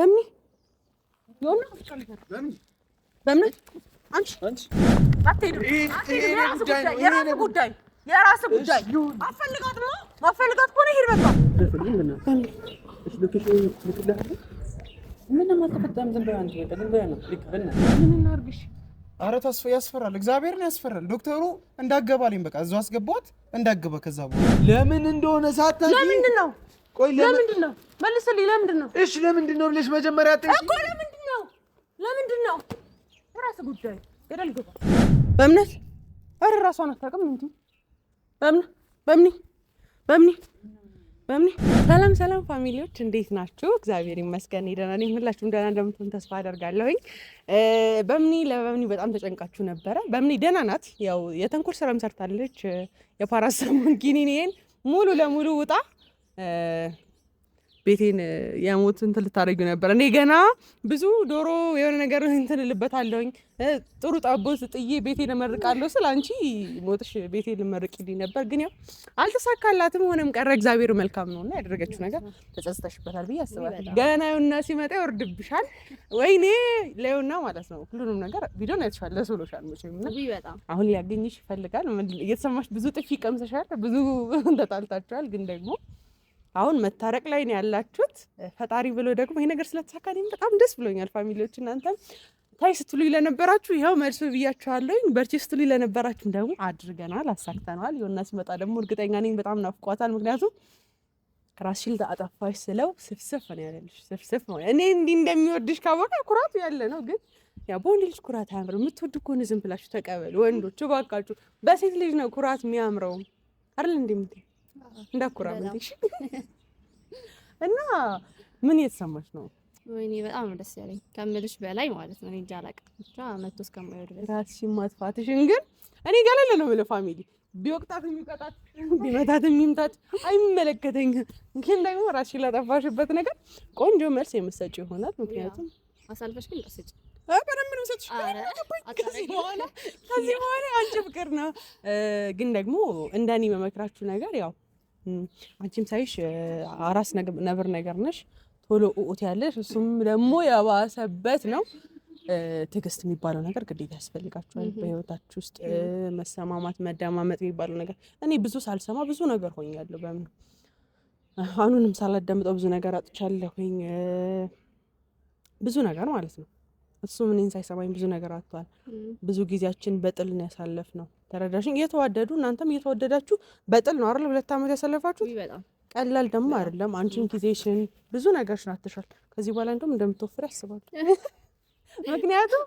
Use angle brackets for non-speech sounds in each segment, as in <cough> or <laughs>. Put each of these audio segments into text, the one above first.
በምን በእምነት አንቺ ጉዳይ የራስህ ጉዳይ። አትፈልጋት ነው ማትፈልጋት በቃ። ምንም አልተፈጠረም። ተስፋ ያስፈራል፣ እግዚአብሔርን ያስፈራል። ዶክተሩ እንዳገባልኝ በቃ እዛው አስገባት እንዳገባ ከዛ በኋላ ለምን እንደሆነ ሳታ ለምንድን ነው ቆይ ለምንድን ነው መልስልኝ? ለምንድን ነው እሺ፣ ለምንድን ነው ብለሽ መጀመሪያ አትይሽ እኮ ለምንድን ነው ለምንድን ነው? የራስህ ጉዳይ ገደል ግባ። በእምነት ኧረ እራሷን አታውቅም እንጂ በእምነት በእምነት በእምነት በእምነት። ሰላም ሰላም ፋሚሊዎች እንዴት ናችሁ? እግዚአብሔር ይመስገን ደህና ነኝ። ሁላችሁም ደህና እንደምትሆን ተስፋ አደርጋለሁኝ። በእምኒ ለበእምኒ በጣም ተጨንቃችሁ ነበረ። በእምኒ ደህና ናት። ያው የተንኮል ስራም ሰርታለች። የፓራሰሙን ጊኒኒን ሙሉ ለሙሉ ውጣ ቤቴን የሞት እንትን ልታደረጊ ነበር። እኔ ገና ብዙ ዶሮ የሆነ ነገር እንትን ልበታለሁኝ ጥሩ ጠቦት ጥዬ ቤቴን እመርቃለሁ ስል አንቺ ሞትሽ ቤቴን ልመርቅልኝ ነበር፣ ግን ያው አልተሳካላትም። ሆነም ቀረ እግዚአብሔር መልካም ነው ነውና ያደረገችው ነገር ተጸጽተሽበታል ብዬ አስባለሁ። ገና ይኸውና ሲመጣ ይወርድብሻል። ወይኔ ለይኸውና ማለት ነው ሁሉንም ነገር ቪዲዮን አይተሻል፣ ለሶሎሻል መቼም እና አሁን ሊያገኝሽ ይፈልጋል። እየተሰማሽ ብዙ ጥፊ ቀምሰሻል፣ ብዙ <laughs> ተጣልታችኋል፣ ግን ደግሞ አሁን መታረቅ ላይ ነው ያላችሁት። ፈጣሪ ብሎ ደግሞ ይሄ ነገር ስለተሳካ እኔም በጣም ደስ ብሎኛል። ፋሚሊዎች እናንተም ታይ ስትሉ ለነበራችሁ ይኸው መልሶ ብያችኋለሁኝ። በርቺ ስትሉ ለነበራችሁም ደግሞ አድርገናል፣ አሳክተናል። የሆና ሲመጣ ደግሞ እርግጠኛ ነኝ በጣም ናፍቋታል። ምክንያቱም ራስሽን አጠፋሽ ስለው ስፍስፍ ነው ያለልሽ። ስፍስፍ ነው እኔ እንዲህ እንደሚወድሽ ካወቀ ኩራቱ ያለ ነው ግን ያ በወንድ ልጅ ኩራት አያምርም። የምትወድ ከሆነ ዝም ብላችሁ ተቀበሉ። ወንዶች እባካችሁ፣ በሴት ልጅ ነው ኩራት የሚያምረው አይደል እንደምትይ እንዳኩራምንሽ <laughs> እና ምን የተሰማሽ ነው? ወይኔ በጣም ደስ ያለኝ ከምልሽ በላይ ማለት ነው። እኔ እንጃ አላውቅም፣ ብቻ መቶ እስከማይወድ ራስሽን ማጥፋትሽን ግን እኔ ገለለ ነው ብለ ፋሚሊ ቢወቅጣት የሚቀጣት ቢመታት የሚምታት አይመለከተኝም። ግን ደግሞ ራስሽን ላጠፋሽበት ነገር ቆንጆ መልስ የምትሰጪው ይሆናል። ምክንያቱም አሳልፈሽ ግን ስጭ ከዚህ በኋላ አንቺ ፍቅር ነው። ግን ደግሞ እንደኔ መመክራችሁ ነገር ያው አንቺም ሳይሽ አራስ ነብር ነገር ነሽ፣ ቶሎ ኡት ያለሽ እሱም ደግሞ የባሰበት ነው። ትዕግስት የሚባለው ነገር ግዴታ ያስፈልጋቸዋል በህይወታች ውስጥ መሰማማት፣ መደማመጥ የሚባለው ነገር እኔ ብዙ ሳልሰማ ብዙ ነገር ሆኛለሁ። በምን አሁንም ሳላዳምጠው ብዙ ነገር አጥቻለሁኝ፣ ብዙ ነገር ማለት ነው። እሱም እኔን ሳይሰማኝ ብዙ ነገር አጥቷል። ብዙ ጊዜያችን በጥል ነው ያሳለፍ ነው። ተረዳሽኝ? እየተዋደዱ እናንተም እየተወደዳችሁ በጥል ነው አይደል ሁለት ዓመት ያሳለፋችሁት። ቀላል ደግሞ አይደለም። አንቺን ጊዜሽን ብዙ ነገር አትሻል። ከዚህ በኋላ እንደውም እንደምትወፍር ያስባሉ። <laughs> ምክንያቱም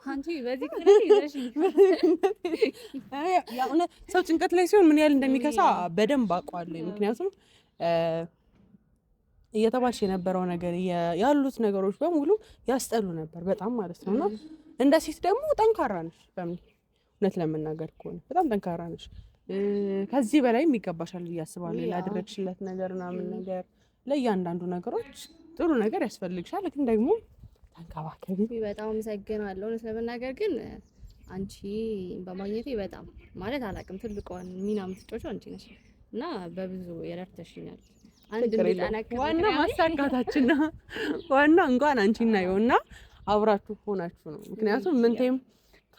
<laughs> ሰው ጭንቀት ላይ ሲሆን ምን ያህል እንደሚከሳ በደንብ አውቀዋለሁ። ምክንያቱም እየተባልሽ የነበረው ነገር ያሉት ነገሮች በሙሉ ያስጠሉ ነበር በጣም ማለት ነው። እና እንደ ሴት ደግሞ ጠንካራ ነሽ፣ በምን እውነት ለመናገር ከሆነ በጣም ጠንካራ ነሽ። ከዚህ በላይ የሚገባሻል ብዬ አስባለሁ። ነገር ምናምን ነገር ለእያንዳንዱ ነገሮች ጥሩ ነገር ያስፈልግሻል፣ ግን ደግሞ ተንከባከቢ። በጣም አመሰግናለሁ። እውነት ለመናገር ግን አንቺ በማግኘቴ በጣም ማለት አላውቅም፣ ትልቋን ሚና የምትጫወቺው አንቺ ነሽ እና በብዙ የረድተሽኛል። ዋና ማሳካታችን ነው። ዋና እንኳን አንቺ እናየው አብራችሁ ሆናችሁ ነው። ምክንያቱም ምንቴም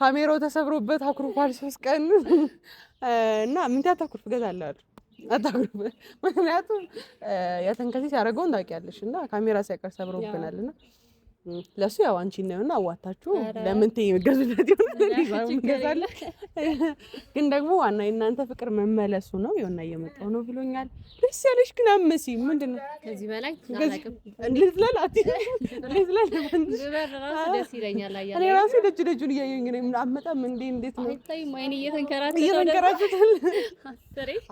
ካሜራው ተሰብሮበት አኩርፏል ሶስት ቀን <laughs> እና ምንቴ አታኩርፍ እገዛለሁ አታኩርፍ። <laughs> ምክንያቱም የተንከሴ ሲያደርገውን ታውቂያለሽ እና ካሜራ ሲያቀር ሰብሮብናል እና ለሱ ያው አንቺ ነውና አዋታችሁ ለምን ትገዙለት ይሆናል። <laughs> ግን ደግሞ ዋና የእናንተ ፍቅር መመለሱ ነው። የሆነ እየመጣው ነው ብሎኛል። ደስ ያለሽ ግን አመሲ ምንድን ነው ከዚህ በላይ ልዝለላት <laughs> እኔ ራሴ ደጅ ደጁን እያየኝ ነው። አመጣም እንዴ እንዴት ነው እየተንከራተታል።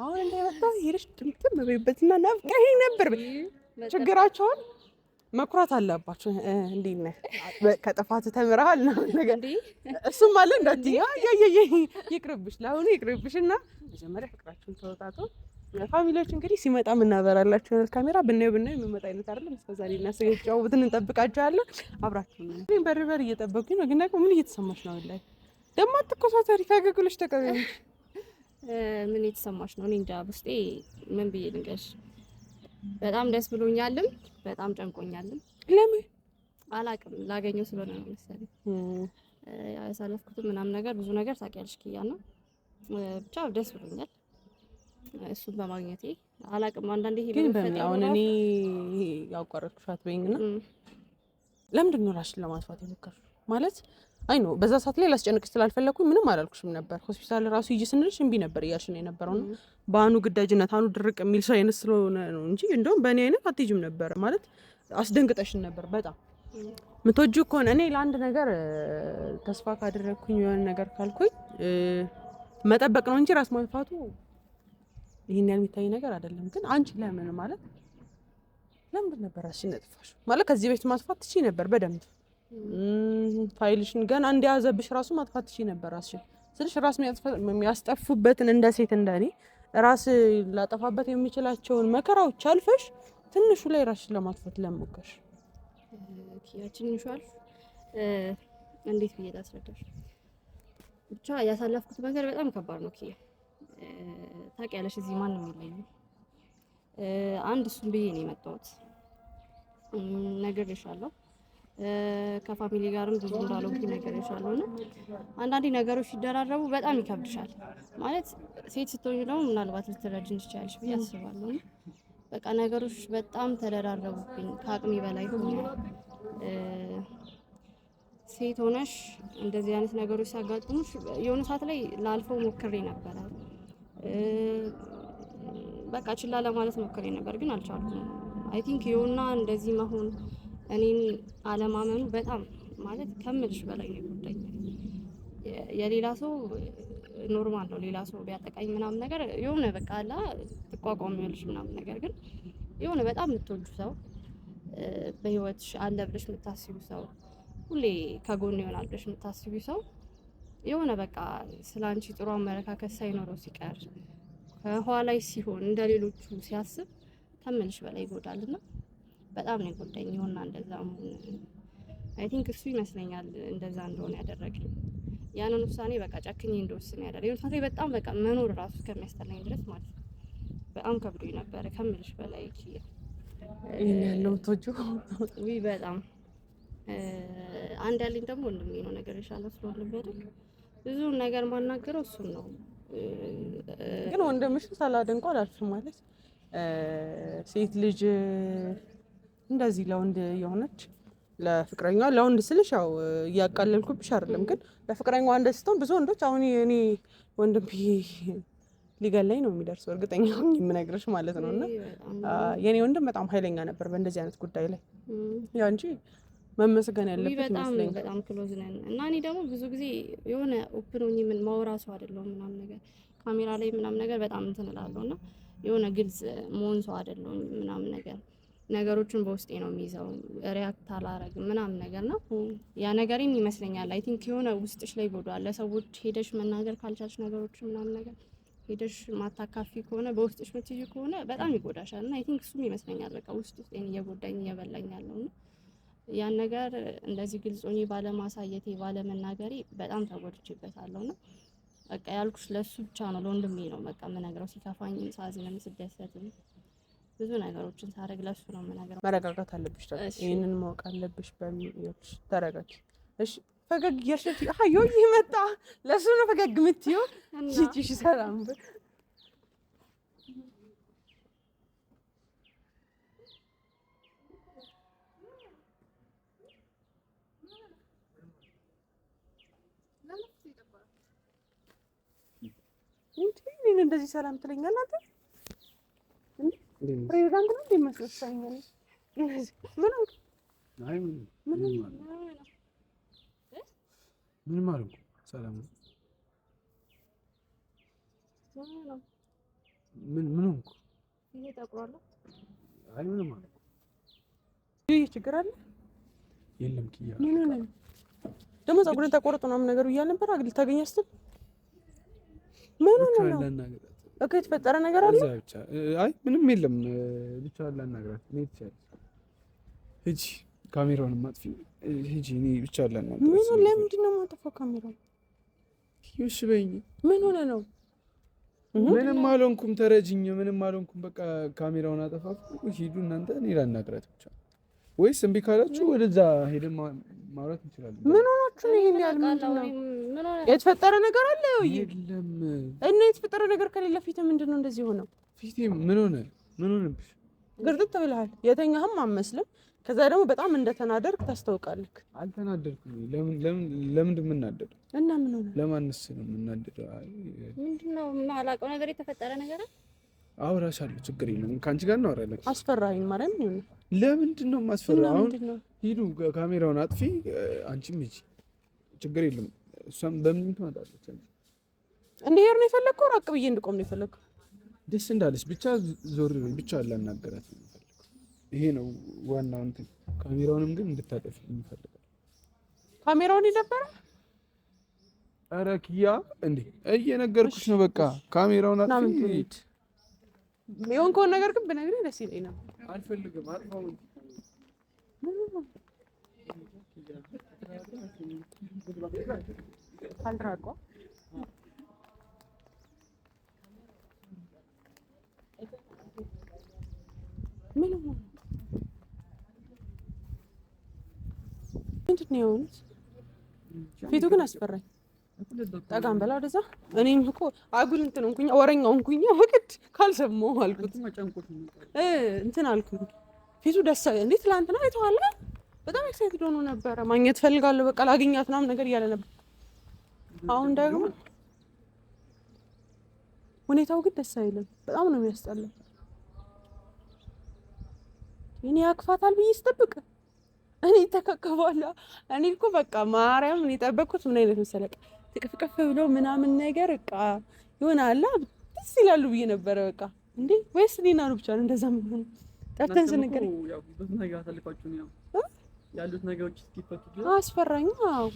አሁን እንደመጣ ሄደሽ ድምጥም በይበትና ናፍቀኸኝ ነበር ችግራቸውን መኩራት አለባቸው። እንዴት ነህ? ከጥፋት ተምረሃል ነው ነገር እሱም አለ እንዳት ይቅርብሽ፣ ለአሁኑ ይቅርብሽ እና መጀመሪያ ፍቅራችሁን ተወጣጡ። ፋሚሊዎች እንግዲህ ሲመጣ የምናበራላችሁ ይሆናል። ካሜራ ብናየው ብናየው የምመጣ አይነት አይደለም። እስከ ዛሬ እና ስንጫወትን አብራችሁ በርበር እየጠበቁኝ ነው። ግን ምን እየተሰማች ነው? ላይ ደግሞ አትኮሳተሪ ከግግሎች ተቀበሉ። ምን እየተሰማች ነው? እኔ እንጃ። ውስጤ ምን ብዬ ልንገርሽ፣ በጣም ደስ ብሎኛልም በጣም ጨንቆኛልም። ለምን አላቅም ላገኘው ስለሆነ ነው መሰለኝ ያሳለፍኩትም ምናምን ነገር ብዙ ነገር ታውቂያለሽ ክያ ነው ብቻ ደስ ብሎኛል እሱን በማግኘቴ አላቅም። አንዳንዴ ይሄ ግን በሚያውን እኔ ያቋረጥኩሽ አትበይኝና ለምንድን ነው እራስሽን ለማጥፋት የሞከርሽው ማለት አይ ነው በዛ ሰዓት ላይ ላስጨንቅሽ ስላልፈለግኩኝ ምንም አላልኩሽም ነበር። ሆስፒታል ራሱ ሂጂ ስንልሽ እምቢ ነበር እያልሽ ነው የነበረው። ና በአኑ ግዳጅነት አኑ ድርቅ የሚል ሰው አይነት ስለሆነ ነው እንጂ እንደውም በእኔ አይነት አትሄጂም ነበር ማለት አስደንግጠሽን ነበር በጣም ምቶጁ ከሆነ እኔ ለአንድ ነገር ተስፋ ካደረግኩኝ የሆነ ነገር ካልኩኝ መጠበቅ ነው እንጂ ራስ ማጥፋቱ ይህን ያህል የሚታይ ነገር አይደለም። ግን አንቺ ለምን ማለት ለምንድን ነበር ራስሽን ነጥፋሽ? ማለት ከዚህ በፊት ማጥፋት ትችይ ነበር በደንብ ፋይልሽን ገና እንደያዘብሽ ራሱ ማጥፋት ትችይ ነበር ራስሽን ስልሽ ራስ የሚያስጠፉበትን እንደ ሴት እንደ እኔ ራስ ላጠፋበት የሚችላቸውን መከራዎች አልፈሽ ትንሹ ላይ ራስሽን ለማጥፋት ለሞከሽ ያችንሿል እንዴት ብዬ ላስረዳሽ? ብቻ ያሳለፍኩት ነገር በጣም ከባድ ነው። ኪያ ታውቂያለሽ፣ እዚህ ማንም የለኝም። አንድ እሱን ብዬ ነው የመጣሁት፣ ነግሬሻለሁ ከፋሚሊ ጋርም ብዙ እንዳልሆንኩኝ ነግሬሻለሁ። እና አንዳንዴ ነገሮች ሲደራረቡ በጣም ይከብድሻል። ማለት ሴት ስትሆኝ ደግሞ ምናልባት ልትረጅን ትችላለች ብዬ አስባለሁ። በቃ ነገሮች በጣም ተደራረቡብኝ፣ ከአቅሚ በላይ ሆነ። ሴት ሆነሽ እንደዚህ አይነት ነገሮች ሲያጋጥሙሽ የሆነ ሰዓት ላይ ላልፈው ሞክሬ ነበረ። በቃ ችላ ለማለት ሞክሬ ነበር፣ ግን አልቻልኩም። አይ ቲንክ የሆና እንደዚህ መሆን እኔን አለማመኑ በጣም ማለት ከምልሽ በላይ ነው የጎዳኝ። የሌላ ሰው ኖርማል ነው፣ ሌላ ሰው ቢያጠቃኝ ምናምን ነገር የሆነ በቃ አላ ትቋቋሚያለሽ ምናምን ነገር ግን የሆነ በጣም የምትወጁ ሰው በህይወትሽ አለ ብለሽ የምታስቢ ሰው ሁሌ ከጎን ይሆናል ብለሽ የምታስቢ ሰው የሆነ በቃ ስለ አንቺ ጥሩ አመለካከት ሳይኖረው ሲቀር ከኋላ ላይ ሲሆን እንደ ሌሎቹ ሲያስብ ከምልሽ በላይ ይጎዳልና በጣም ነው የጎዳኝ። ይሁንና እንደዛ አይ ቲንክ እሱ ይመስለኛል እንደዛ እንደሆነ ያደረገኝ ያንን ውሳኔ በቃ ጨክኜ እንደወስን ያደረገኝ ውሳኔ በጣም በቃ መኖር ራሱ ከሚያስጠላኝ ድረስ ማለት ነው። በጣም ከብዶኝ ነበረ ከምልሽ በላይ ያለው ቶጆ በጣም አንድ ያለኝ ደግሞ ወንድሜ ነው ነገር የሻለ ስለሆነ ቢያደግ ብዙውን ነገር ማናገረው እሱን ነው። ግን ወንድምሽን ሳላደንቆ አላልፍም ማለት ሴት ልጅ እንደዚህ ለወንድ የሆነች ለፍቅረኛ ለወንድ ስልሽ ያው እያቃለልኩብሽ አይደለም፣ ግን ለፍቅረኛ እንደዚህ ስትሆን ብዙ ወንዶች አሁን እኔ ወንድም ሊገለኝ ነው የሚደርሱ እርግጠኛ የምነግርሽ ማለት ነው። እና የኔ ወንድም በጣም ኃይለኛ ነበር በእንደዚህ አይነት ጉዳይ ላይ ያ እንጂ መመስገን ያለበት ይመስለኛል። በጣም ክሎዝ ነን እና እኔ ደግሞ ብዙ ጊዜ የሆነ ኦፕን ሆኜ ምን ማውራት ሰው አይደለሁም ምናምን ነገር ካሜራ ላይ ምናምን ነገር በጣም እንትን እላለሁ እና የሆነ ግልጽ መሆን ሰው አይደለሁም ምናምን ነገር ነገሮችን በውስጤ ነው የሚይዘው። ሪያክት አላረግም ምናምን ነገር ነው ያ ነገርም ይመስለኛል። አይ ቲንክ የሆነ ውስጥሽ ላይ ጎዷል። ለሰዎች ሄደሽ መናገር ካልቻልሽ ነገሮች ምናምን ነገር ሄደሽ ማታካፊ ከሆነ በውስጥሽ ምትይዥ ከሆነ በጣም ይጎዳሻል። እና አይ ቲንክ እሱም ይመስለኛል በቃ ውስጥ ውስጤን እየጎዳኝ እየበላኝ ያለው እና ያን ነገር እንደዚህ ግልጽ ሆኜ ባለማሳየቴ ባለመናገሬ በጣም ተጎድቼበታለሁ ነው በቃ ያልኩሽ ለሱ ብቻ ነው ለወንድሜ ነው በቃ የምነግረው ሲከፋኝም ሳዝንም ስደሰትም ብዙ ነገሮችን ሳደርግ ለሱ ነው የምናገረው። መረጋጋት አለብሽ፣ ይህንን ማወቅ አለብሽ። በሚዎች ተረጋጊ እሺ። ፈገግ እያሸት አዮ ይመጣ ለሱ ነው ፈገግ የምትይው። ሺ ሰላም እንደዚህ ሰላም ትለኛል አንተ ፕሬዚዳንት ነው እንደሚመስለኝ ምንም አልኩ። ሰላም ነው። ምን ምን ሆንኩ? አይ ምንም አልኩ። ይህ ችግር አለ የለም። ኪያ ምን ሆነ ደግሞ ፀጉርን ተቆርጦ ምናምን ነገሩ እያል ነበር። አግል ታገኛስትል ምን ሆነ ነው በቃ የተፈጠረ ነገር አለ። ብቻ አይ ምንም የለም። ብቻ ላናግራት እኔ ብቻ ሂጂ ካሜራውን ማጥፊ ሂጂ። እኔ ብቻ ላናግራት። ምኑ ለምንድን ነው የማጠፋው ካሜራውን? እሺ በይኝ። ምን ሆነ ነው? ምንም አልሆንኩም። ተረጅኝ። ምንም አልሆንኩም። በቃ ካሜራውን አጠፋ። ሂዱ እናንተ። እኔ ላናግራት ብቻ። ወይስ እምቢ ካላችሁ ወደዛ ሄደን ማውራት እንችላለን። ምን ሆናችሁ ነው? ይሄን ያህል የተፈጠረ ነገር አለ? የለም እና የተፈጠረ ነገር ከሌለ ፊት ምንድን ነው እንደዚህ ሆነው? ፊቴ ምን ሆነ? ምን ሆነብሽ? ግርጥት ብለሃል። የተኛህም አመስልም። ከዛ ደግሞ በጣም እንደተናደርክ ታስታውቃለህ። አልተናደድኩም። ለምን ለምን ለምን እንደምናደድ እና ምን ሆነ? ለማንስ ነው የምናደደው? ምንድን ነው የማላውቀው ነገር የተፈጠረ ነገር አውራሻለሁ፣ ችግር የለም። ከአንቺ ጋር እናወራለን። አስፈራኝ ማለት ነው። ለምንድን ነው የማስፈራው? አሁን ሂዱ፣ ካሜራውን አጥፊ፣ አንቺም ሂጂ፣ ችግር የለም። እሷም በምን ትመጣለች? እንድሄድ ነው የፈለግከው? ራቅ ብዬ እንድቆም ነው የፈለግከው? ደስ እንዳለች ብቻ ዞር ብቻ ላናገራት ይሄ ነው ዋናው እንትን። ካሜራውንም ግን እንድታጠፊ እንፈልጋለን። ካሜራውን የነበረ ኧረ ኪያ እንዴ እየነገርኩሽ ነው። በቃ ካሜራውን አጥፊ የሆንከውን ነገር ግን ብነግርህ ደስ ይለኝ ነው። አልፈልግም። ምን ምንድን ነው የሆኑት? ፊቱ ግን አስፈራኝ። ጠጋም በላ ወደዛ። እኔም እኮ አጉል እንትን እንኩኛ ወረኛ እንኩኛ ወቅድ ካልሰማሁ አልኩት እንትን አልኩኝ። ፊቱ ደስ እንዴ ትላንትና አይተዋለ። በጣም ኤክሳይትድ ሆኖ ነበረ። ማግኘት ፈልጋለሁ፣ በቃ ላገኛት ምናምን ነገር እያለ ነበር። አሁን ደግሞ ሁኔታው ግን ደስ አይልም። በጣም ነው የሚያስጠላው። እኔ ያክፋታል ብዬ ስጠብቅ እኔ ተከከባለሁ። እኔ እኮ በቃ ማርያም እኔ የጠበቅኩት ምን አይነት መሰለቅ ትቅፍቅፍ ብሎ ምናምን ነገር በቃ ይሆን አላ ደስ ይላሉ ብዬ ነበረ። በቃ እንዴ ወይስ ሊና ነው ብቻ ነው እንደዛ ምን ጠርተን ስንገር ያሉት ነገሮች እስኪፈቱ አስፈራኝ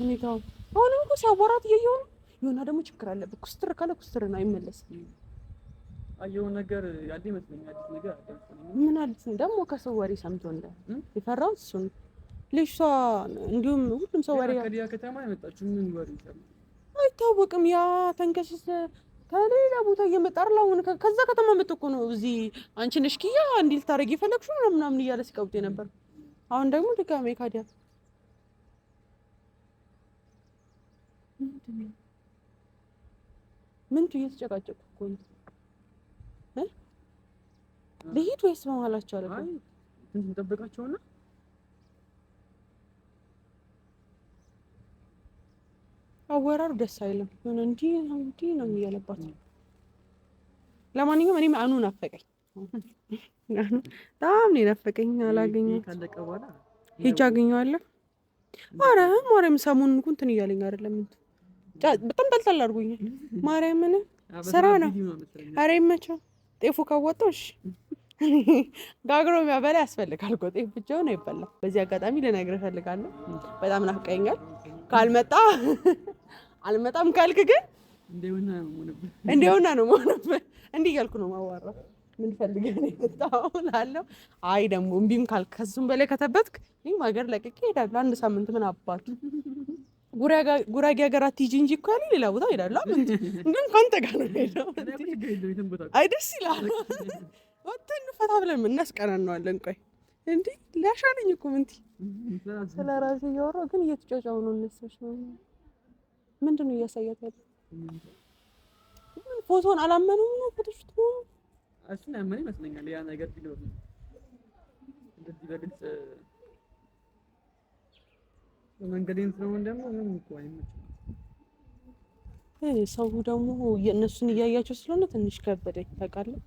ሁኔታው። አሁንም እኮ ሲያወራት እየየሆኑ የሆና ደግሞ ችግር አለበት። ኩስትር ካለ ኩስትር ነው አይመለስም። አየው ነገር ያለ ይመስለኛል። ምን አዲስ ደግሞ ከሰው ወሬ ሰምቶ እንደ የፈራሁት እሱን ልጅ እንዲሁም ሁሉም ሰው ወሬ ከዲያ ከተማ አይመጣችሁ ምን ወሬ ሰምቶ አይታወቅም። ያ ተንከሽስ ከሌላ ቦታ እየመጣ አሁን ከዛ ከተማ መጥቶ እኮ ነው እዚህ አንቺ ነሽ ኪያ እንዲህ ልታደርጊ የፈለግሽው ነው ምናምን እያለ ሲቀብጤ ነበር። አሁን ደግሞ ድጋሜ ካዲያ ምንቱ እየተጨቃጨቁ እኮ ነው። ልሂድ ወይስ በመሀላቸው አለ እንጠብቃቸውና አወራሩ ደስ አይልም። ሆነ እንዲህ ነው እንዲህ ነው እያለባት ነው። ለማንኛውም እኔም አኑ ናፈቀኝ፣ በጣም ነው የናፈቀኝ። አላገኘሁት ሂጅ አገኘዋለሁ። ኧረ ማርያም ሰሞኑን እኮ እንትን እያለኝ አይደለም እንትን በጣም ጠልጠል አድርጎኛል። ማርያምን ስራ ነው። ኧረ ይመቸው ጤፉ ካወጣው እሺ ጋግሮ የሚያበላ ያስፈልጋል እኮ ጤፍ ብቻውን አይበላም። በዚህ አጋጣሚ ልነግርህ እፈልጋለሁ፣ በጣም ናፍቀኛል። ካልመጣ አልመጣም ካልክ ግን እንደሆነ ነው መሆንበት። እንዲህ እያልኩ ነው ማዋራ ምን ፈልገህ ነው የመጣው እላለሁ። አይ ደግሞ እምቢም ካልክ ከሱም በላይ ከተበትክ ይህም ሀገር ለቅቄ እሄዳለሁ። አንድ ሳምንት ምን አባቱ ጉራጌ ሀገራት ሂጂ እንጂ እኮ ያለኝ ሌላ ቦታ እሄዳለሁ። ግን ከአንተ ጋር ነው ሄደው አይ ደስ ይላል። ወጥተን እንፈታ ብለን እናስቀናነዋለን። ቆይ እንዲህ ሊያሻለኝ እኮ ስለ ስለራሴ እያወራሁ ግን እየተጫጫሁ ነው እነሱ ነው ምንድን ነው እያሳያት ያለ? ፎቶን አላመኑም ነው ፎቶሽ ትሆኑ እሱን ያመነ ይመስለኛል። ያ ነገር ቢኖር እንደዚህ በግልጽ መንገዴን ስለሆን ደግሞ ምን እኮ አይመችም። ሰው ደግሞ የእነሱን እያያቸው ስለሆነ ትንሽ ከበደኝ ታውቃለህ።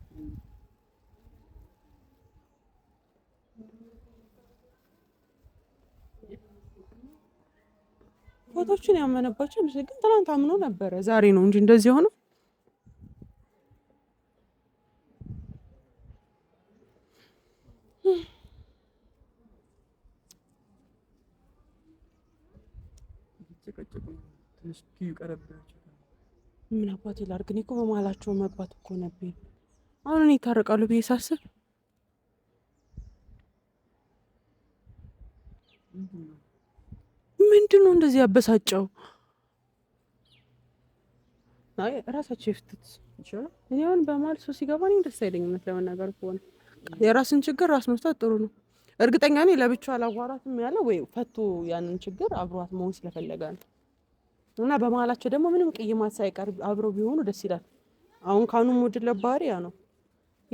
ክፋቶችን ያመነባቸው ምስል ግን ትናንት አምኖ ነበረ። ዛሬ ነው እንጂ እንደዚህ የሆነው። ምን አባቴ ላድርግ? እኔ እኮ በመሀላቸው መግባት እኮ ነበር። አሁን እኔ ይታረቃሉ ብዬ ሳስብ እንደዚህ ያበሳጨው? ራሳቸው ይፍቱት ይችላል። እኔ አሁን በመሀል ሰው ሲገባ እኔም ደስ አይለኝም ለመናገር ከሆነ የራስን ችግር ራስ መፍታት ጥሩ ነው። እርግጠኛ ነኝ ለብቻ አላዋራትም ያለ ወይ ፈቶ ያንን ችግር አብሯት መሆን ስለፈለገ ነው። እና በመሀላቸው ደግሞ ምንም ቅይማት ሳይቀር አብረው ቢሆኑ ደስ ይላል። አሁን ካኑ ሙድ ለባህሪ ያ ነው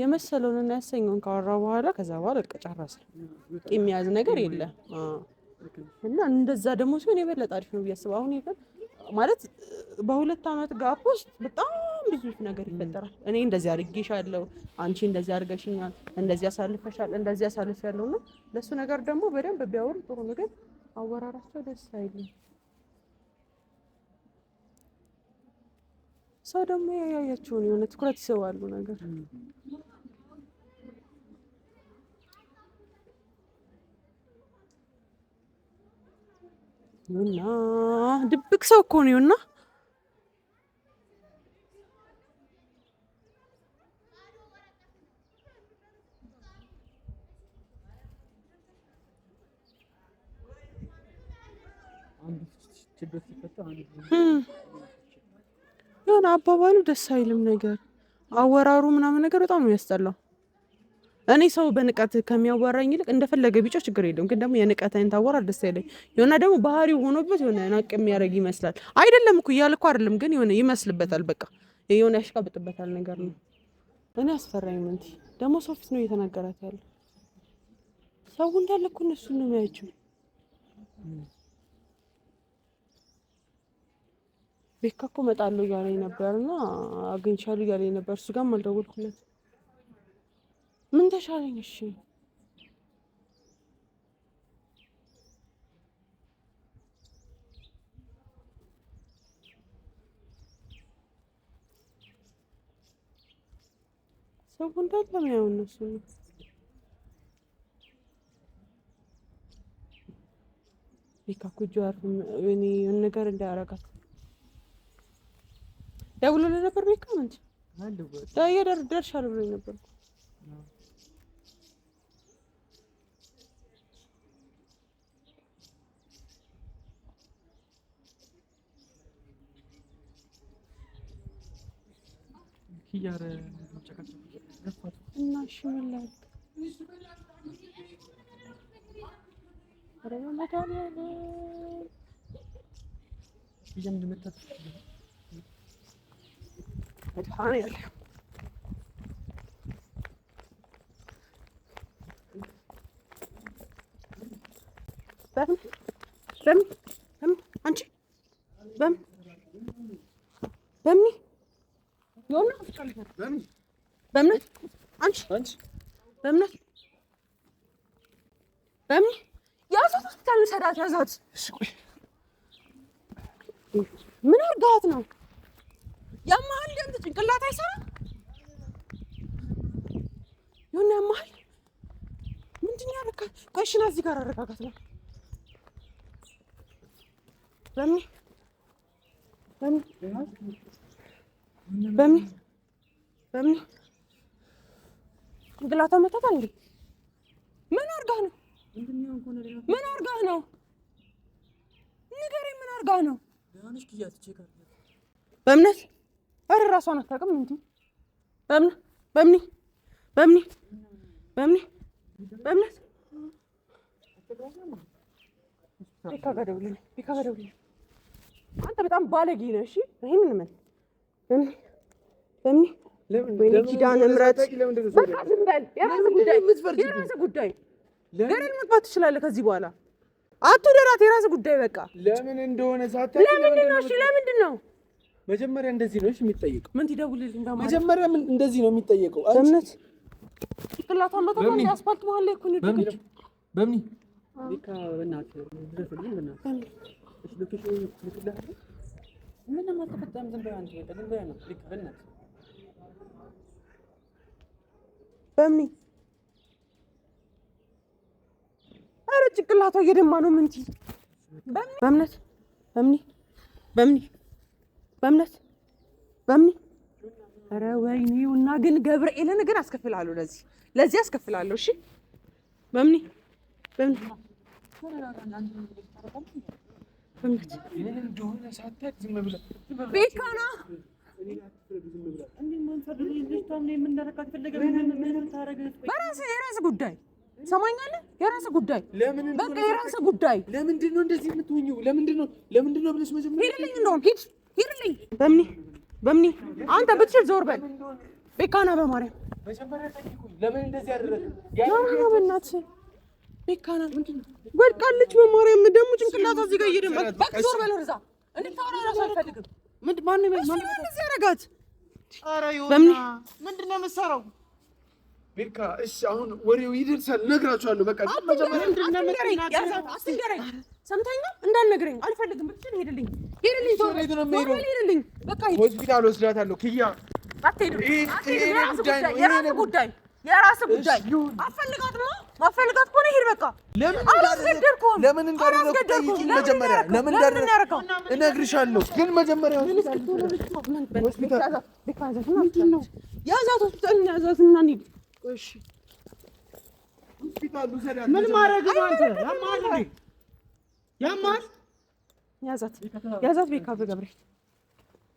የመሰለውን እና ያሰኘውን ካወራ በኋላ ከዛ በኋላ ጨረሰ። ቂም የሚያዝ ነገር የለ ነው እና እንደዛ ደግሞ ሲሆን የበለጠ አሪፍ ነው ብያስብ አሁን ይፈል ማለት በሁለት አመት ጋፕ ውስጥ በጣም ብዙ ነገር ይፈጠራል። እኔ እንደዚህ አድርጌሻለሁ፣ አንቺ እንደዚህ አድርገሽኛል፣ እንደዚህ አሳልፈሻል፣ እንደዚህ ያለው ነው። ለእሱ ነገር ደግሞ በደንብ ቢያወሩ ጥሩ ነው። ግን አወራራቸው ደስ አይልም። ሰው ደግሞ ያያያቸውን የሆነ ትኩረት ይሰባሉ ነገር ይሁና ድብቅ ሰው እኮ ነው። ይሁና የሆነ አባባሉ ደስ አይልም ነገር አወራሩ ምናምን ነገር በጣም ነው የሚያስጠላው። እኔ ሰው በንቀት ከሚያዋራኝ ይልቅ እንደፈለገ ቢጮህ ችግር የለውም። ግን ደግሞ የንቀት አይነት አወራር ደስ አይለኝ። የሆነ ደግሞ ባህሪው ሆኖበት የሆነ ናቅ የሚያደርግ ይመስላል። አይደለም እኮ እያልኩ አይደለም፣ ግን የሆነ ይመስልበታል። በቃ የሆነ ያሽቃብጥበታል ነገር ነው። እኔ አስፈራኝ። ምን ደግሞ ሰው ፊት ነው እየተናገራት ያለ ሰው እንዳለ እኮ እነሱ ነው የሚያቸው። ቤካ እኮ እመጣለሁ እያለኝ ነበር እና አግኝቻለሁ እያለኝ ነበር። እሱ ጋርም አልደወልኩለት ምን ተሻለኝ? እሺ ሰው እንዳለ ምናምን እነሱ ነው ቢካኩጆ አርሁም እኔ ነገር እንዳያረጋት ደውሎ ለነበር ቤካ ምንድ ደርሻለሁ ብሎኝ ነበር። Yarı. Bunlar şöyle. Araba motorları. Diyeceğim düğme tatlı. Hadi hana gel. Ben, ben, ben, anca, ben, ben mi? በእምነት ሰዳት ያዛት። ምን አድርገዋት ነው? ያማህል ደም ጭንቅላት አይሰራም። የሆነ ያማህል ምንድን ነው ያደረካት? ቆይ እሺ ና እዚህ ጋር አረጋጋት ነው። በምን በምን በምን በምን ግላቷ መታታል እንዴ? ምን አርጋህ ነው? ምን አርጋህ ነው? ንገሪ፣ ምን አርጋህ ነው? በእምነት ኧረ እራሷን አታውቅም እንጂ በምን በምን በምን በምን በእምነት ቤካ ጋር ደውልልኝ፣ ቤካ ጋር ደውልልኝ። አንተ በጣም ባለጌ ነህ። እሺ ይሄንን ምን ለምን ወይኔ ኪዳነ ምሕረት በቃ ዝም በል። የራስህ ጉዳይ፣ የራስህ ጉዳይ። ገደል መግባት ትችላለህ ከዚህ በኋላ አትውደዳት። የራስህ ጉዳይ በቃ። ለምን እንደሆነ ለምንድን ነው እሺ? ለምንድን ነው መጀመሪያ እንደዚህ ነው የሚጠየቀው? ምን ትደውልልኝ? መጀመሪያ እንደዚህ ነው የሚጠየቀው። እምነት ጭቅላቷ አስፋልት መሀል ላይ እኮ ነው የወደቀችው። በምን ምንም አልተፈጠረም። ዝም በይው አንቺ፣ ዝም በይው ነው ልክ በእናትሽ በምን ኧረ ጭቅላቷ እየደማ ነው። ምን እንትን በእምነት በምን በምን በእምነት በምን ኧረ ወይኔውና ግን ገብርኤልን ግን አስከፍልሃለሁ። ለዚህ ለዚህ አስከፍልሃለሁ። እሺ በምን በምን በእምነት ቤካ ነው በራስህ የራስህ ጉዳይ ሰማኛለህ። የራስህ ጉዳይ በቃ የራስህ ጉዳይ። ለምንድን ነው እንደዚህ የምትሆኚው? ለምንድን ነው ለምንድን ነው ብለሽ መጀመሪያ ሄድልኝ፣ እንደውም ሂድ፣ ሄድልኝ። በምኔ በምኔ አንተ ብትችል ዞር በል ቤካና፣ በማርያም ለምን እንደዚህ አደረግህ? ሜካናት ወድቃለች። በማርያም ደግሞ ጭንቅላቷ እዚህ ጋር እየደመቀ እባክህ ዞር በለው። እዛ እንድታወራ እራሱ አልፈልግም። ምንድን ነው እዚህ ያደርጋት? ምንድን ነው የምትሰራው? ቤካ እሺ፣ አሁን ወሬው ይደርሳል፣ እነግራችኋለሁ። በቃ አትንገረኝ፣ ሰምተኸኛል? እንዳልነግረኝ አልፈልግም። ብትችል ሄድልኝ፣ ሄድልኝ፣ ሄድልኝ። በቃ ሆስፒታል ወስዳታለሁ። ክያ አትሄድም፣ የራስህ ጉዳይ፣ ጉዳይ ጉዳይ የራስህ ጉዳይ። አፈልጋት ነው ማፈልጋት ከሆነ ሂድ በቃ። አላስገደድኩህም። ለምን እንዳደረግኩ ጠይቂኝ መጀመሪያ። ለምን እንዳደረግኩ እነግርሻለሁ፣ ግን መጀመሪያ ያዛት ሆስፒታል ያዛት እና እንሂድ። እሺ ምን ማድረግ ያማል። ያዛት ቤካ ገብርኤል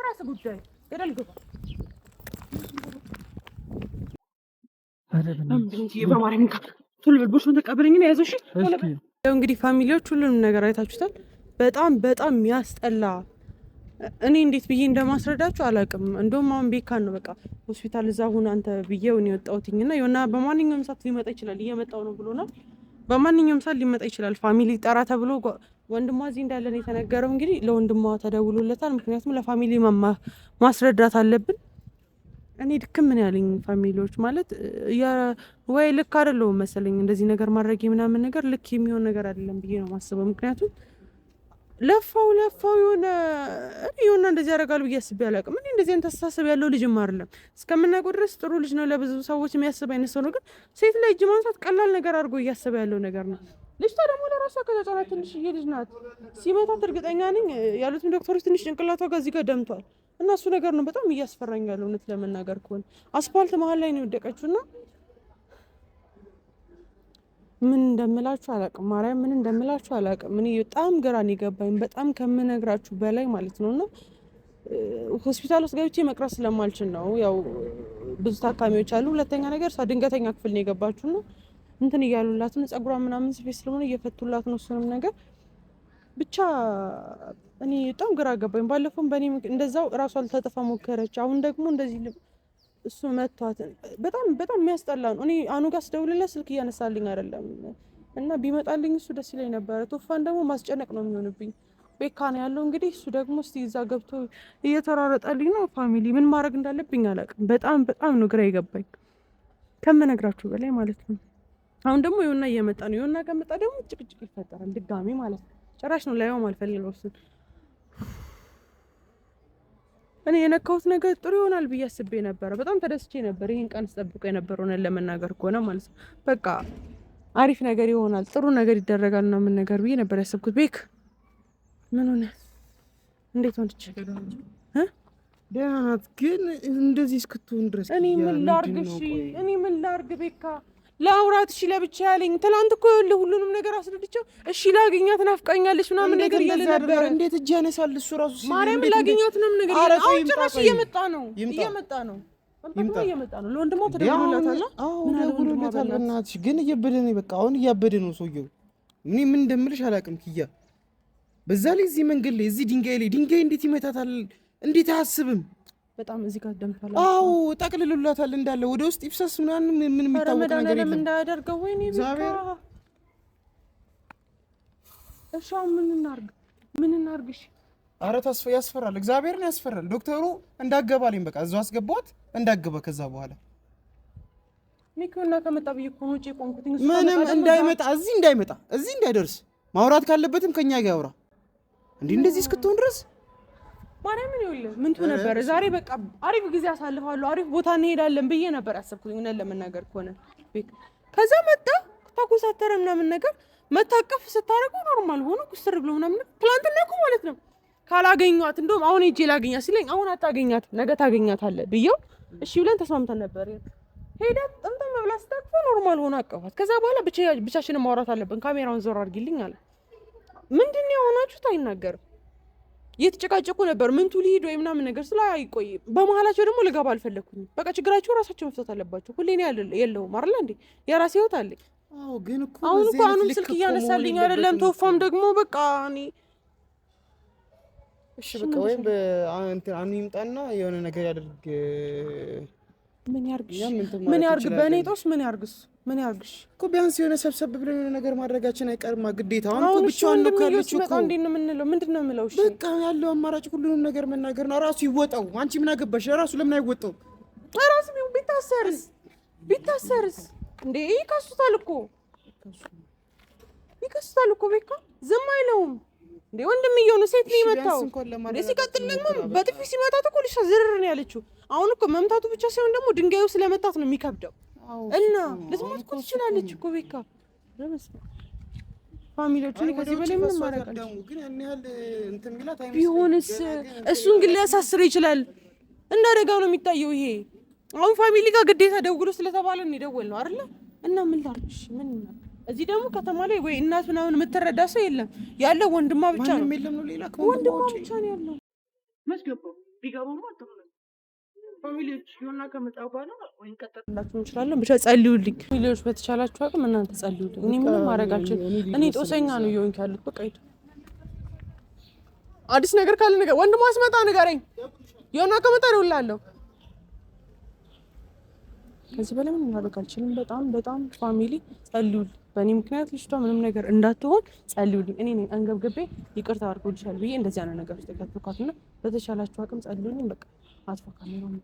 የራስ ጉዳይ ገደል ግባ። እንግዲህ ፋሚሊዎች ሁሉንም ነገር አይታችሁታል። በጣም በጣም ያስጠላ። እኔ እንዴት ብዬ እንደማስረዳችሁ አላውቅም። እንደውም አሁን ቤካን ነው በቃ ሆስፒታል እዛ ሁን አንተ ብዬውን የወጣሁትኝ እና የሆነ በማንኛውም ሰዓት ሊመጣ ይችላል እየመጣው ነው ብሎናል። በማንኛውም ሰዓት ሊመጣ ይችላል። ፋሚሊ ጠራ ተብሎ ወንድሟ እዚህ እንዳለን የተነገረው እንግዲህ ለወንድሟ ተደውሎለታል። ምክንያቱም ለፋሚሊ ማስረዳት አለብን። እኔ ድክም ምን ያለኝ ፋሚሊዎች ማለት ወይ ልክ አይደለሁም መሰለኝ እንደዚህ ነገር ማድረግ የምናምን ነገር ልክ የሚሆን ነገር አይደለም ብዬ ነው ማስበው። ምክንያቱም ለፋው ለፋው የሆነ የሆነ እንደዚህ ያደርጋል ብዬ አስቤ አላውቅም። እኔ እንደዚህ አይነት አስተሳሰብ ያለው ልጅም አይደለም እስከምናውቀው ድረስ ጥሩ ልጅ ነው፣ ለብዙ ሰዎች የሚያስብ አይነት ሰው ነው። ግን ሴት ላይ እጅ ማንሳት ቀላል ነገር አድርጎ እያሰበ ያለው ነገር ነው። ልጅቷ ደግሞ ለራሷ ከጫጫና ትንሽዬ ልጅ ናት። ሲመታት እርግጠኛ ነኝ ያሉትም ዶክተሮች ትንሽ ጭንቅላቷ ጋር እዚህ ጋር ደምቷል እና እሱ ነገር ነው በጣም እያስፈራኝ ያለ እውነት ለመናገር ከሆነ አስፋልት መሀል ላይ ነው የወደቀችው እና ምን እንደምላችሁ አላቅም። ማርያም ምን እንደምላችሁ አላቅም። እኔ በጣም ግራን ይገባኝ በጣም ከምነግራችሁ በላይ ማለት ነው እና ሆስፒታል ውስጥ ገብቼ መቅረት ስለማልችል ነው። ያው ብዙ ታካሚዎች አሉ። ሁለተኛ ነገር ድንገተኛ ክፍል ነው የገባችሁ ነው። እንትን እያሉላት ነው። ምናምን ስፌት ስለሆነ እየፈቱላት ነው እሱንም ነገር ብቻ እኔ በጣም ግራ ገባኝ። ባለፈውም በእኔ እንደዛው እራሷ ልታጠፋ ሞከረች። አሁን ደግሞ እንደዚህ እሱ መቷት። በጣም በጣም የሚያስጠላ ነው። እኔ አኑ ጋር ስደውልለት ስልክ እያነሳልኝ አይደለም እና ቢመጣልኝ እሱ ደስ ይለኝ ነበረ። ቶፋን ደግሞ ማስጨነቅ ነው የሚሆንብኝ። ቤካ ነው ያለው እንግዲህ እሱ ደግሞ እስቲ እዛ ገብቶ እየተራረጠልኝ ነው። ፋሚሊ ምን ማድረግ እንዳለብኝ አላውቅም። በጣም በጣም ነው ግራ የገባኝ ከምነግራችሁ በላይ ማለት ነው። አሁን ደግሞ የሆና እየመጣ ነው። የሆና ከመጣ ደግሞ ጭቅጭቅ ይፈጠራል ድጋሚ ማለት ነው። ጭራሽ ነው ላይሆን አልፈልገው እሱን እኔ የነካሁት ነገር ጥሩ ይሆናል ብዬ አስቤ ነበረ። በጣም ተደስቼ ነበር። ይህን ቀን ስጠብቆ የነበር ሆነን ለመናገር ከሆነ ማለት ነው በቃ አሪፍ ነገር ይሆናል፣ ጥሩ ነገር ይደረጋል እና ምን ነገር ብዬ ነበር ያሰብኩት። ቤክ ምን ሆነ? እንዴት ሆነች? ደህና ናት፣ ግን እንደዚህ እስክትሆን ድረስ እኔ ምን ላርግ? እሺ እኔ ምን ላርግ ቤካ ለአውራት እሺ ለብቻ ያለኝ ትላንት እኮ ያለ ሁሉንም ነገር አስረድቼው እሺ ላገኛት ናፍቃኛለች ምናምን ነገር እያለ ነበር። እንዴት እጅ ያነሳል እሱ ራሱ ማርያም ላገኛት ምናምን ነገር አሁን ጭራሽ እየመጣ ነው እየመጣ ነው እየመጣ ግን እያበደ ነው። በቃ አሁን እያበደ ነው ሰውየው። እኔ ምን እንደምልሽ አላውቅም። ክያ በዛ ላይ እዚህ መንገድ ላይ እዚህ ድንጋይ ላይ ድንጋይ እንዴት ይመታታል? እንዴት አያስብም? በጣም እዚህ ጋር ደምቷል። አዎ ጠቅልሉላታል እንዳለ ወደ ውስጥ ይፍሰስ ምናምን ምን ምን የሚታወቅ ነገር የለም እንዳያደርገው። ወይኔ እሺ አሁን ምን እናርግ? ምን እናርግ? እሺ ኧረ ተስፋ ያስፈራል፣ እግዚአብሔርን ያስፈራል። ዶክተሩ እንዳገባልኝ በቃ እዛው አስገባት እንዳገባ ከዛ በኋላ ሚኪውና ከመጣ ብዬ እኮ ውጪ ቆንኩት። ምንም እንዳይመጣ እዚህ እንዳይመጣ እዚህ እንዳይደርስ ማውራት ካለበትም ከኛ ጋር ያውራ እንዲህ እንደዚህ እስክትሆን ድረስ ማርያምን ይኸውልህ፣ ምን ትሆን ነበር ዛሬ በቃ አሪፍ ጊዜ አሳልፋለሁ፣ አሪፍ ቦታ እንሄዳለን ብዬ ነበር ያሰብኩት። እውነት ለመናገር ከሆነ ከዛ መጣ ተኮሳተረ ምናምን ነገር መታቀፍ ስታደርገው ኖርማል ሆኖ ኩስር ብሎ ምናምን ትናንትና እኮ ማለት ነው ካላገኟት እንደውም አሁን ሂጅ ላገኛት ሲለኝ አሁን አታገኛት ነገ ታገኛታለህ ብዬው እሺ ብለን ተስማምተን ነበር። ሄዳ ጥምጥም ብላ ስታቅፎ ኖርማል ሆኖ አቀፋት። ከዛ በኋላ ብቻችንን ማውራት አለብን ካሜራውን ዞር አድርጊልኝ አለ። ምንድን ነው የሆናችሁት አይናገርም እየተጨቃጨቁ ነበር። ምንቱ ሊሄድ ወይ ምናምን ነገር ስለ አይቆይ በመሀላቸው ደግሞ ልገባ አልፈለግኩኝም። በቃ ችግራቸው ራሳቸው መፍታት አለባቸው። ሁሌ እኔ የለሁም አይደለ እንዴ? የራሴ ህይወት አለኝ። አሁን እኮ አሁንም ስልክ እያነሳልኝ አይደለም። ተወፋም ደግሞ በቃ እኔ እሺ በቃ ወይም አንተ ይምጣና የሆነ ነገር ያድርግ ምን ያርግሽ? ምን ያርግ? በእኔ ጦስ ምን ያርግስ? ምን ያርግሽ እኮ ቢያንስ የሆነ ሰብሰብ ብለን የሆነ ነገር ማድረጋችን አይቀርማ ግዴታ። አሁን እኮ ብቻዋን ነው ካለችው እኮ እንዴት ነው የምንለው? ምንድን ነው የምለው? እሺ በቃ ያለው አማራጭ ሁሉንም ነገር መናገር ነው። ራሱ ይወጣው። አንቺ ምን አገባሽ? ራሱ ለምን አይወጣው? ራሱ ቢታሰርስ ቢታሰርስ? እንዴ ይከሱታል እኮ ይከሱታል እኮ። ቤካ ዝም አይለውም እንዴ ወንድም እየሆነ ሴት ነው የመታው። እንዴ ሲቀጥል ደግሞ በጥፊ ሲመታት እኮ ልጅቷ ዝርር ነው ያለችው። አሁን እኮ መምታቱ ብቻ ሳይሆን ደግሞ ድንጋዩ ስለመታት ነው የሚከብደው እና ልትሞት እኮ ትችላለች እኮ ቤካ ፋሚሊዎቹን ከዚህ በላይ ምንም ማድረግ ቢሆንስ እሱን ግን ሊያሳስር ይችላል። እንደ አደጋ ነው የሚታየው ይሄ። አሁን ፋሚሊ ጋር ግዴታ ደውሎ ስለተባለ ነው የደወልነው አይደለ? እና ምን ላድርግ ምን እዚህ ደግሞ ከተማ ላይ ወይ እናት ምናምን የምትረዳ ሰው የለም። ያለው ወንድማ ብቻ ነው። ወንድማ ብቻ ነው ያለው። መስገባው ቢገባማ ፋሚሊዎች ሆና ከመጣ በኋላ እንችላለን። ብቻ ጸልዩልኝ በተቻላችሁ አቅም እናንተ ጸልዩልኝ። እኔ ምንም ማድረግ አልችልም። እኔ ጦሰኛ ነው እየሆንክ ያሉት። በቃ አዲስ ነገር ካለ ነገር ወንድሟ ንገረኝ። የሆና ከመጣ እደውልልሃለሁ። ከዚህ በላይ ምንም ማድረግ አልችልም። በጣም በጣም ፋሚሊ ጸልዩልኝ። በእኔ ምክንያት ልጅቷ ምንም ነገር እንዳትሆን ጸልዩልኝ። እኔ ነኝ አንገብግቤ ይቅርታ አድርጎልሻል ብዬ እንደዚህ አይነት ነገር ውስጥ የከተኳት እና በተሻላችሁ አቅም ጸልዩልኝ። በቃ አጥፋ ካሜራ